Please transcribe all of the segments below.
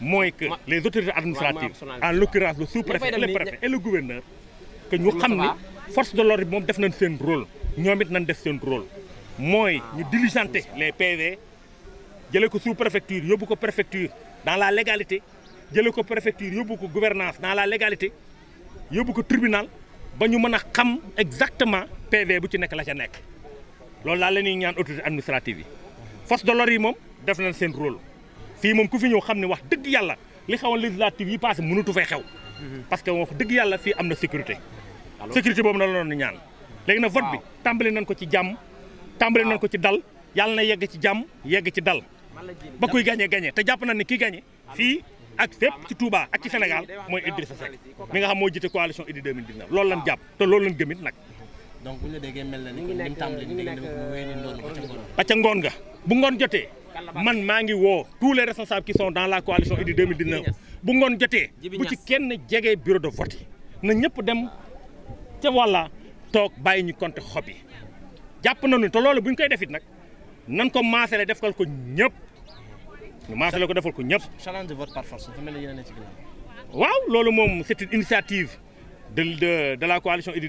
mooy que les autorités administratives en l'occurrence le sous-préfet le préfet et le gouverneur que ñu xamni force de l'ordre mom son def nañ sen rôle ñomit nañ def sen rôle moy ñu diligenter les PV jëlé ko sous-préfecture yóbbu ko préfecture dans la légalité jëlé ko préfecture yóbbu ko gouvernance dans la légalité yóbbu ko tribunal ba ñu mëna xam exactement PV bu ci nek la ca nek lool la ñuy ñaan autorités administratives yi force de l'ordre yi moom def nañ sen rôle fii moom ku fi ñëw xam ne wax dëgg yàlla li xewoon législative yi passé mënatu fay xew mhm. parce que wax dëgg yàlla fii am na sécurité sécurité boobu na la doon ñaan léegi na vote bi tàmbali nañ ko ci jàmm tàmbali nañ ko ci dal yàlla na yegg ci jàmm yegg ci dal ba kuy gagné gagné te jàpp na ne kii gagné fii ak fépp ci Touba ak ci Sénégal mooy Idrissa Seck mi nga xam moo jiite coalition Idy 2019 loolu lañ ah. jàpp te loolu lañ gëmit nag donc bu ñu la déggee mel ca ngoon nga bu ngoon jotee man maa ngi woo tous les responsables qui dans la coalition Idy 2019 bu ngoon jotee bu ci kenn jege bureau de vote yi na ñëpp dem ca walla toog bàyyi ñu compte xob yi jàpp nañu te loolu bu ñu koy defit nag nan ko maasale defal ko ñëpp ñu maasale ko defal ko ñëpp challenge waaw loolu moom c'est initiative de de de la coalition Idy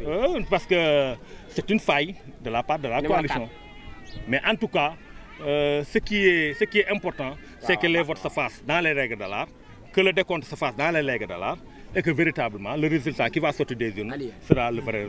Euh, parce que c'est une faille de la part de la coalition. Mais en tout cas, euh, ce, qui est, ce qui est important, c'est que les votes se fassent dans les règles de l'art, que le décompte se fasse dans les règles de l'art et que véritablement le résultat qui va sortir des urnes sera le vrai